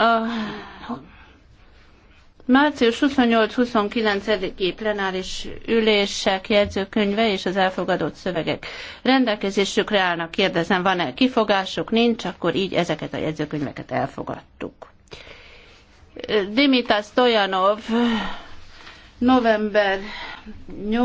A március 28-29-i plenáris ülések jegyzőkönyve és az elfogadott szövegek rendelkezésükre állnak. Kérdezem, van-e kifogásuk? Nincs, akkor így ezeket a jegyzőkönyveket elfogadtuk. Dimitas Stojanov november 8